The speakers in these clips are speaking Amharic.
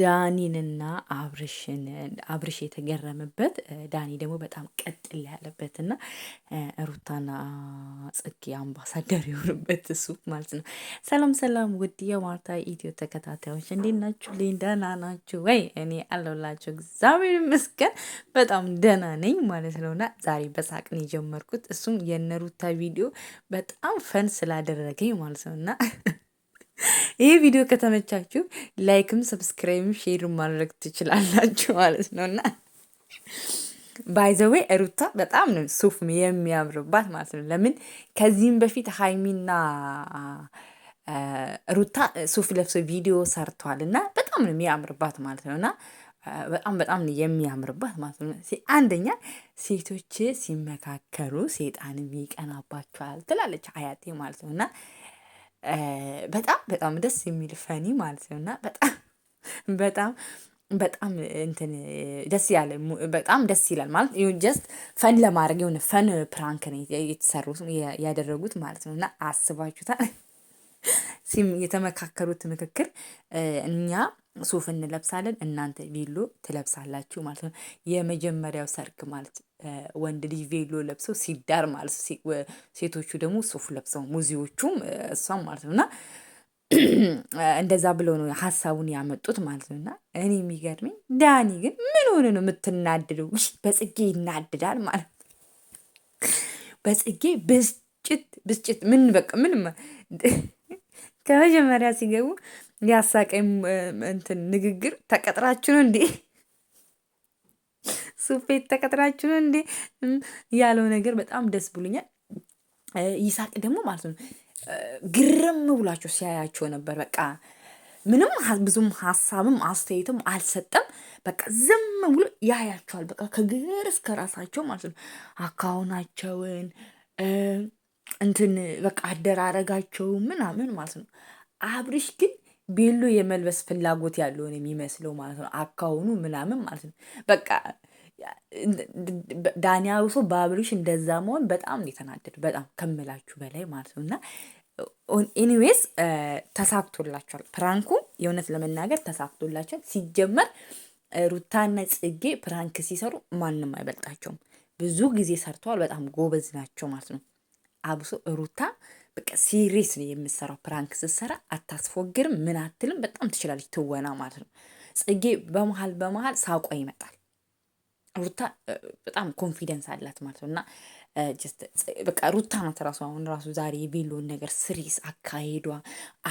ዳኒንና አብርሽን አብርሽ የተገረመበት ዳኒ ደግሞ በጣም ቀጥል ያለበት እና ሩታና ጽጌ አምባሳደር የሆኑበት እሱ ማለት ነው። ሰላም ሰላም፣ ውድ የማርታ ኢትዮ ተከታታዮች እንዴት ናችሁ? ልኝ ደህና ናችሁ ወይ? እኔ አለሁላችሁ እግዚአብሔር ይመስገን በጣም ደህና ነኝ ማለት ነው። እና ዛሬ በሳቅን የጀመርኩት እሱም የነ ሩታ ቪዲዮ በጣም ፈን ስላደረገኝ ማለት ነው እና ይሄ ቪዲዮ ከተመቻችሁ ላይክም ሰብስክራይብም ሼር ማድረግ ትችላላችሁ ማለት ነው። እና ባይዘዌ ሩታ በጣም ነው ሱፍ የሚያምርባት ማለት ነው። ለምን ከዚህም በፊት ሀይሚና ሩታ ሱፍ ለብሶ ቪዲዮ ሰርተዋል እና በጣም ነው የሚያምርባት ማለት ነው እና በጣም በጣም የሚያምርባት ማለት ነው። አንደኛ ሴቶች ሲመካከሩ ሴጣንም ይቀናባቸዋል ትላለች አያቴ ማለት ነው እና በጣም በጣም ደስ የሚል ፈኒ ማለት ነው እና በጣም በጣም በጣም እንትን ደስ ያለ በጣም ደስ ይላል ማለት ጀስት ፈን ለማድረግ የሆነ ፈን ፕራንክ ነው የተሰሩት ያደረጉት ማለት ነው እና አስባችሁታል ሲም የተመካከሩት ምክክር እኛ ሱፍ እንለብሳለን፣ እናንተ ቬሎ ትለብሳላችሁ ማለት ነው። የመጀመሪያው ሰርግ ማለት ወንድ ልጅ ቬሎ ለብሰው ሲዳር ማለት ሴቶቹ ደግሞ ሱፍ ለብሰው ሙዚዎቹም እሷም ማለት ነው እና እንደዛ ብለው ነው ሀሳቡን ያመጡት ማለት ነው እና እኔ የሚገርመኝ ዳኒ ግን ምን ሆነ ነው የምትናድደው? በጽጌ ይናድዳል ማለት በጽጌ ብስጭት ብስጭት ምን በቃ ምን ከመጀመሪያ ሲገቡ ያሳቀኝ እንትን ንግግር ተቀጥራችሁ እንዴ? ሱፌት ተቀጥራችሁ እንዴ? ያለው ነገር በጣም ደስ ብሎኛል። ይሳቅ ደግሞ ማለት ነው ግርም ብሏቸው ሲያያቸው ነበር። በቃ ምንም ብዙም ሀሳብም አስተያየትም አልሰጠም። በቃ ዝም ብሎ ያያቸዋል። በቃ ከግር እስከ ራሳቸው ማለት ነው አካውናቸውን እንትን በቃ አደራረጋቸው ምናምን ማለት ነው። አብርሽ ግን ቤሎ የመልበስ ፍላጎት ያለውን የሚመስለው ማለት ነው። አካውኑ ምናምን ማለት ነው። በቃ ዳኒ አውሶ በአብርሽ እንደዛ መሆን በጣም የተናደድ በጣም ከምላችሁ በላይ ማለት ነው። እና ኤኒዌይስ ተሳክቶላቸዋል። ፕራንኩ የእውነት ለመናገር ተሳክቶላቸዋል። ሲጀመር ሩታና ጽጌ ፕራንክ ሲሰሩ ማንም አይበልጣቸውም። ብዙ ጊዜ ሰርተዋል። በጣም ጎበዝ ናቸው ማለት ነው። አብሶ ሩታ በቃ ሲሪየስ ነው የምሰራው። ፕራንክ ስትሰራ አታስፎግርም፣ ምን አትልም። በጣም ትችላለች ትወና ማለት ነው። ጽጌ በመሀል በመሀል ሳቋ ይመጣል። ሩታ በጣም ኮንፊደንስ አላት ማለት ነው። እና በቃ ሩታ ናት ራሱ አሁን ራሱ ዛሬ የቤሎን ነገር ስሪስ አካሄዷ፣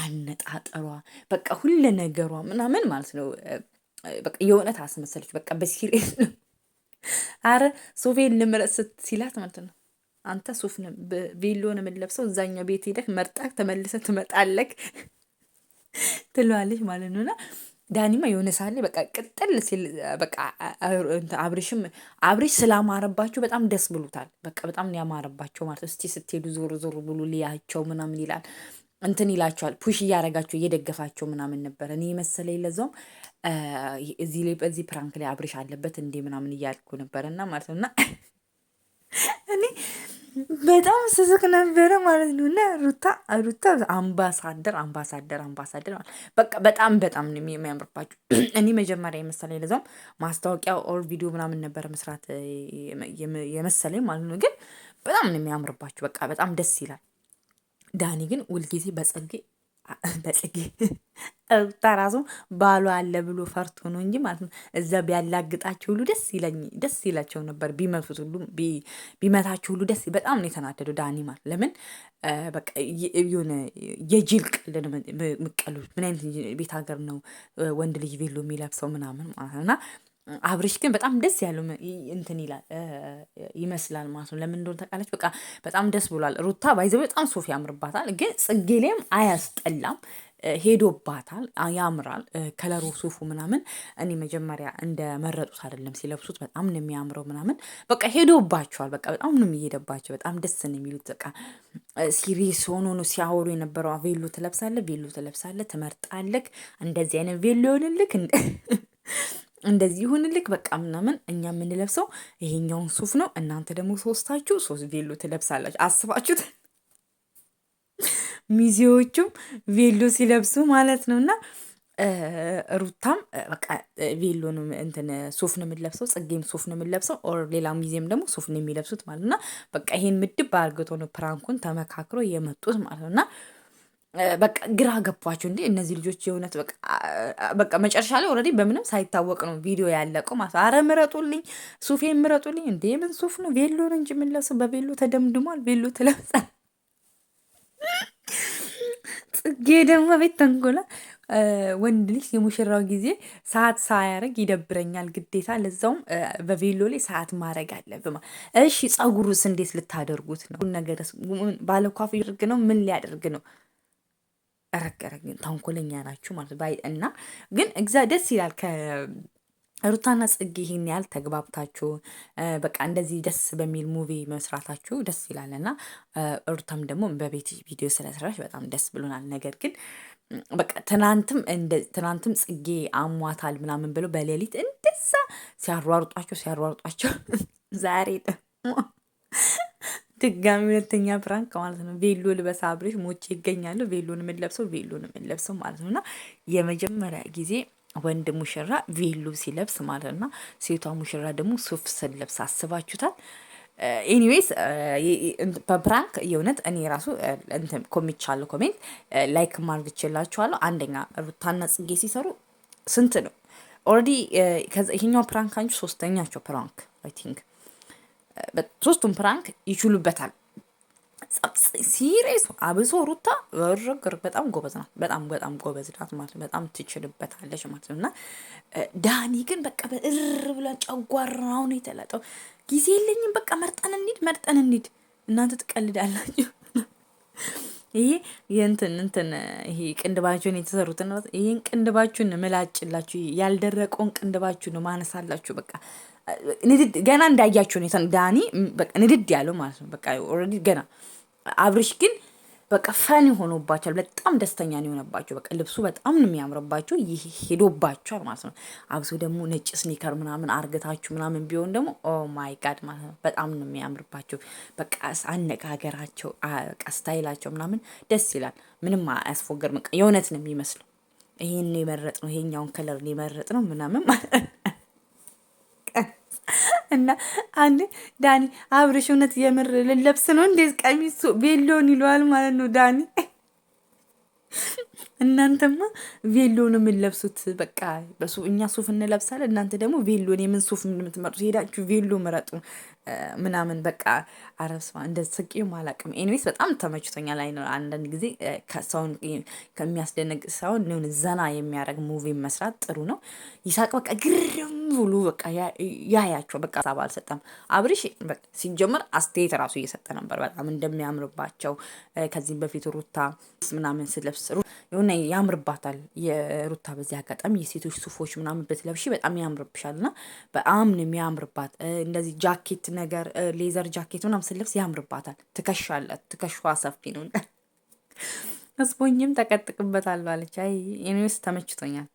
አነጣጠሯ፣ በቃ ሁለ ነገሯ ምናምን ማለት ነው። በቃ የእውነት አስመሰለች። በቃ በሲሪየስ ነው። አረ ሶፌን ልምረጥ ስት ሲላት ማለት ነው አንተ ሱፍ ቬሎን የምንለብሰው እዛኛው ቤት ሄደክ መርጠህ ተመልሰ ትመጣለክ ትለዋለች ማለት ነውና ዳኒማ የሆነ ሳለ በቃ ቅጥል ሲል በቃ አብሬሽም አብሬሽ ስላማረባቸው በጣም ደስ ብሎታል። በቃ በጣም ያማረባቸው ማለት እስቲ ስትሄዱ ዞር ዞር ብሉ ልያቸው ምናምን ይላል እንትን ይላቸዋል። ፑሽ እያረጋቸው እየደገፋቸው ምናምን ነበር። እኔ መሰለ ለዛውም እዚህ ላይ በዚህ ፕራንክ ላይ አብሪሽ አለበት እንዴ ምናምን እያልኩ ነበር እና ማለት ነው እና እኔ በጣም ስስክ ነበረ ማለት ነው። እና ሩታ ሩታ አምባሳደር አምባሳደር አምባሳደር በቃ በጣም በጣም ነው የሚያምርባቸው። እኔ መጀመሪያ የመሰለኝ ለዛም ማስታወቂያ ኦር ቪዲዮ ምናምን ነበረ መስራት የመሰለኝ ማለት ነው። ግን በጣም ነው የሚያምርባቸው። በቃ በጣም ደስ ይላል። ዳኒ ግን ሁልጊዜ በጸጌ በጽጌ እርታ ራሱ ባሏ አለ ብሎ ፈርቶ ነው እንጂ ማለት ነው። እዛ ቢያላግጣቸው ሁሉ ደስ ይለኝ ደስ ይላቸው ነበር። ቢመቱት ሁሉ ቢመታቸው ሁሉ ደስ በጣም ነው የተናደደው ዳኒ ማለት ለምን በቃ የሆነ የጅል ቀልድ ምን አይነት ቤት ሀገር ነው ወንድ ልጅ ቤሎ የሚለብሰው ምናምን ማለት ነውና አብርሽ ግን በጣም ደስ ያሉ እንትን ይላል ይመስላል ማለት ነው። ለምን እንደሆነ ተቃለች። በቃ በጣም ደስ ብሏል። ሩታ ባይዘ በጣም ሶፊ ያምርባታል፣ ግን ጽጌሌም አያስጠላም ሄዶባታል። ያምራል ከለሩ ሱፉ ምናምን። እኔ መጀመሪያ እንደመረጡት አይደለም ሲለብሱት በጣም ነው የሚያምረው ምናምን። በቃ ሄዶባቸዋል። በቃ በጣም ነው የሚሄደባቸው። በጣም ደስ ነው የሚሉት። በቃ ሲሪየስ ሆኖ ነው ሲያወሩ የነበረው። ቬሎ ትለብሳለህ፣ ቬሎ ትለብሳለህ፣ ትመርጣለህ፣ እንደዚህ አይነት ቬሎ ይሆንልህ እንደዚህ ይሁንልክ በቃ ምናምን እኛ የምንለብሰው ይሄኛውን ሱፍ ነው። እናንተ ደግሞ ሶስታችሁ ሶስት ቬሎ ትለብሳላችሁ። አስባችሁት ሚዜዎቹም ቬሎ ሲለብሱ ማለት ነው እና ሩታም በቃ ቬሎ ነው እንትን ሱፍ ነው የምንለብሰው፣ ጽጌም ሱፍ ነው የምንለብሰው፣ ኦር ሌላ ሚዜም ደግሞ ሱፍ ነው የሚለብሱት ማለት ነውና በቃ ይሄን ምድብ አርግቶ ነው ፕራንኩን ተመካክሮ የመጡት ማለት ነውና በቃ ግራ ገባቸው እንዴ እነዚህ ልጆች የእውነት በቃ መጨረሻ ላይ ኦልሬዲ በምንም ሳይታወቅ ነው ቪዲዮ ያለቀው ማለት አረ ምረጡልኝ ሱፌን ምረጡልኝ እንዴ ምን ሱፍ ነው ቬሎ ነው እንጂ የምንለብሰው በቬሎ ተደምድሟል ቬሎ ትለብሳል ጽጌ ደግሞ ቤት ተንጎላ ወንድ ልጅ የሙሽራው ጊዜ ሰዓት ሳያረግ ይደብረኛል ግዴታ ለዛውም በቬሎ ላይ ሰዓት ማድረግ አለብማ እሺ ጸጉሩስ እንዴት ልታደርጉት ነው ነገር ባለኳፍ ያደርግ ነው ምን ሊያደርግ ነው ግን ተንኮለኛ ናችሁ ማለት እና ግን እግዛ ደስ ይላል ሩታና ጽጌ ይህን ያህል ተግባብታችሁ በቃ እንደዚህ ደስ በሚል ሙቪ መስራታችሁ ደስ ይላል እና ሩታም ደግሞ በቤት ቪዲዮ ስለሰራች በጣም ደስ ብሎናል። ነገር ግን በቃ ትናንትም ትናንትም ጽጌ አሟታል ምናምን ብለው በሌሊት እንደዛ ሲያሯሩጧቸው ሲያሯሩጧቸው ዛሬ ደግሞ ድጋሚ ሁለተኛ ፕራንክ ማለት ነው። ቬሎ ልበስ አብሬሽ ሞቼ ይገኛሉ። ቬሎን የምንለብሰው ቬሎን የምንለብሰው ማለት ነው እና የመጀመሪያ ጊዜ ወንድ ሙሽራ ቬሎ ሲለብስ ማለት ነው። ሴቷ ሙሽራ ደግሞ ሱፍ ስለብስ አስባችሁታል። ኤኒዌይስ በፕራንክ የእውነት እኔ ራሱ ኮሚቻለሁ። ኮሜንት ላይክ ማድረግ ይችላችኋለሁ። አንደኛ ሩታና ጽጌ ሲሰሩ ስንት ነው ኦልሬዲ ይሄኛው ፕራንክ አንቺ ሶስተኛቸው ፕራንክ አይ ቲንክ ሶስቱም ፕራንክ ይችሉበታል። ሲሬሱ አብሶ ሩታ ርግር በጣም ጎበዝ ናት። በጣም በጣም ጎበዝ ናት ማለት በጣም ትችልበታለች ማለት ነው። እና ዳኒ ግን በቃ በእር ብለን ጨጓራውን የተላጠው ጊዜ የለኝም በቃ መርጠን እንሂድ፣ መርጠን እንሂድ። እናንተ ትቀልዳላችሁ። ይሄ የእንትን እንትን ይሄ ቅንድባችሁን የተሰሩትን ይህን ቅንድባችሁን ምላጭላችሁ ያልደረቀውን ቅንድባችሁን ማነሳላችሁ በቃ ገና እንዳያቸው ሁኔታ ዳኒ ንድድ ያለው ማለት ነው። በቃ ኦልሬዲ ገና አብርሽ ግን በቃ ፈን ሆኖባቸዋል። በጣም ደስተኛ ነው የሆነባቸው። በቃ ልብሱ በጣም ነው የሚያምርባቸው። ይህ ሄዶባቸዋል ማለት ነው። አብሶ ደግሞ ነጭ ስኒከር ምናምን አርገታችሁ ምናምን ቢሆን ደግሞ ኦ ማይ ጋድ ማለት ነው። በጣም ነው የሚያምርባቸው። በቃ አነጋገራቸው፣ ስታይላቸው ምናምን ደስ ይላል። ምንም አያስፎገርም። የእውነት ነው የሚመስለው። ይህን የመረጥ ነው ይሄኛውን ከለር የመረጥ ነው ምናምን ማለት ነው። እና አንዴ ዳኒ አብርሽ እውነት የምር ልለብስ ነው እንዴት ቀሚሱ ቤሎን ይለዋል ማለት ነው ዳኒ እናንተማ ቬሎ ነው የምንለብሱት። በቃ በሱ እኛ ሱፍ እንለብሳለን፣ እናንተ ደግሞ ቬሎን የምን ሱፍ የምትመርጡ ሄዳችሁ ቬሎ ምረጡ ምናምን። በቃ አረብስ እንደ ስቂው አላውቅም። ኤኒዌይስ በጣም ተመችቶኛል። አንዳንድ ጊዜ ሰውን ከሚያስደነግጥ ሳይሆን ሆን ዘና የሚያደርግ ሙቪ መስራት ጥሩ ነው። ይሳቅ በቃ ግርም ብሎ በቃ ያያቸው በቃ ሳብ አልሰጠም። አብርሽ ሲጀምር አስተያየት ራሱ እየሰጠ ነበር በጣም እንደሚያምርባቸው ከዚህም በፊት ሩታ ምናምን ስለብስ የሆነ ያምርባታል። የሩታ በዚህ አጋጣሚ የሴቶች ሱፎች ምናምን ብትለብሺ በጣም ያምርብሻል እና በጣም ነው የሚያምርባት። እንደዚህ ጃኬት ነገር ሌዘር ጃኬት ምናምን ስለብስ ያምርባታል። ትከሻላት ትከሿ ሰፊ ነው። እስቦኝም ተቀጥቅበታል ባለች። አይ ዩኒስ ተመችቶኛል።